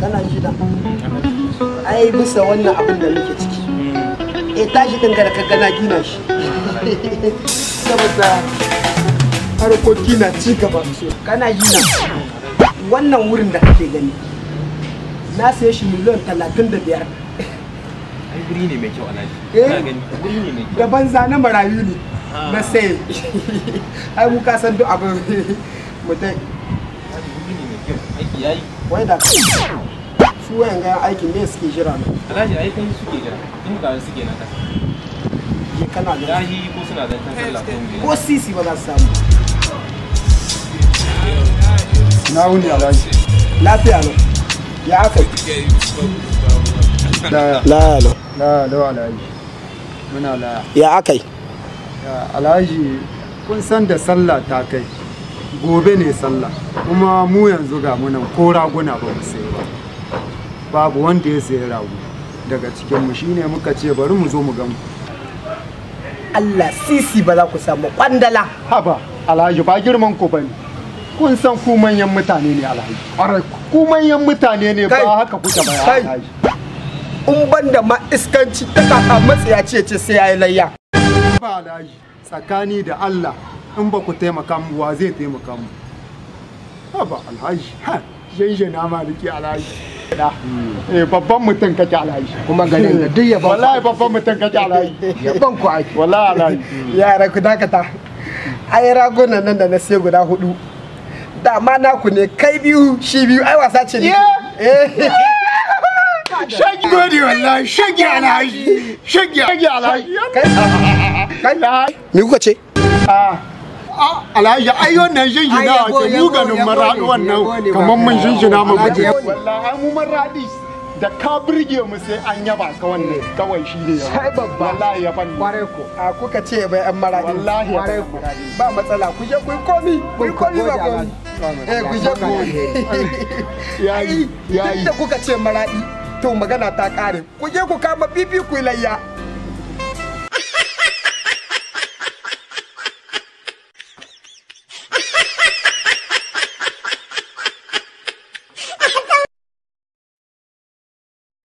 kana ji da ai bisa wannan abin da muke ciki eh tashi din ka gana gina shi saboda harkoki na ci gaba kana gina wannan wurin da kake gani na saye shi miliyan talatin da biyar guri ne mai kyau alhaji eh, guri ne da banza na marayu ne ah. na sai ai mu kasan duk abin mutai guri ne mai kyau aiki su wayan aikin me suke jira ne alhaji ai kai suke jira in ka suke na kasa ya kana da dahi ko suna da kan sallah ko sisi ba za su samu na wuni alhaji lafiya lo ya aka laya lo laya lo alhaji muna laya ya aka yi alhaji kun san da sallah ta kai gobe ne sallah kuma mu yanzu ga munan ko raguna ba mu sai ba babu wanda ya sayi rago daga cikinmu shine muka ce bari mu zo mu gamu Allah sisi ba za ku samu kwandala haba alhaji ba girman ku bane kun san ku manyan mutane ne alhaji ƙwarai ku manyan mutane ne ba haka kuka ba alhaji in ban da ma iskanci ta kaka matsaya ce ce sai yayi layya ba alhaji tsakani da Allah in ba ku taimaka mu wa zai taimaka mu haba alhaji ha zayyana maliki alhaji eh, babban mutum kake alhaji kuma garin da duk yabon wallahi babban mutum kake alhaji yabon ku ake wallahi alhaji yara ku dakata ai ragunan nan da na sai guda hudu da ma naku ne kai biyu shi biyu ai wasa ce ne eh. shagi gode wallahi shagi alhaji shagi alhaji kai kai me kuka ce ah. alhaji ai wannan shinshina a ke muganin maraɗi wannan kamar mun shinshina mu gudu wallahi mu maraɗi da ka burge mu sai an yaba ka wannan kawai shi ne sai babba wallahi ya fanni kware ko a kuka ce bai an maraɗi wallahi kware ko ba matsala ku je ku komi ku komi ba ku eh ku je ku yayi yayi da kuka ce maraɗi to magana ta kare ku je ku kama bibi ku layya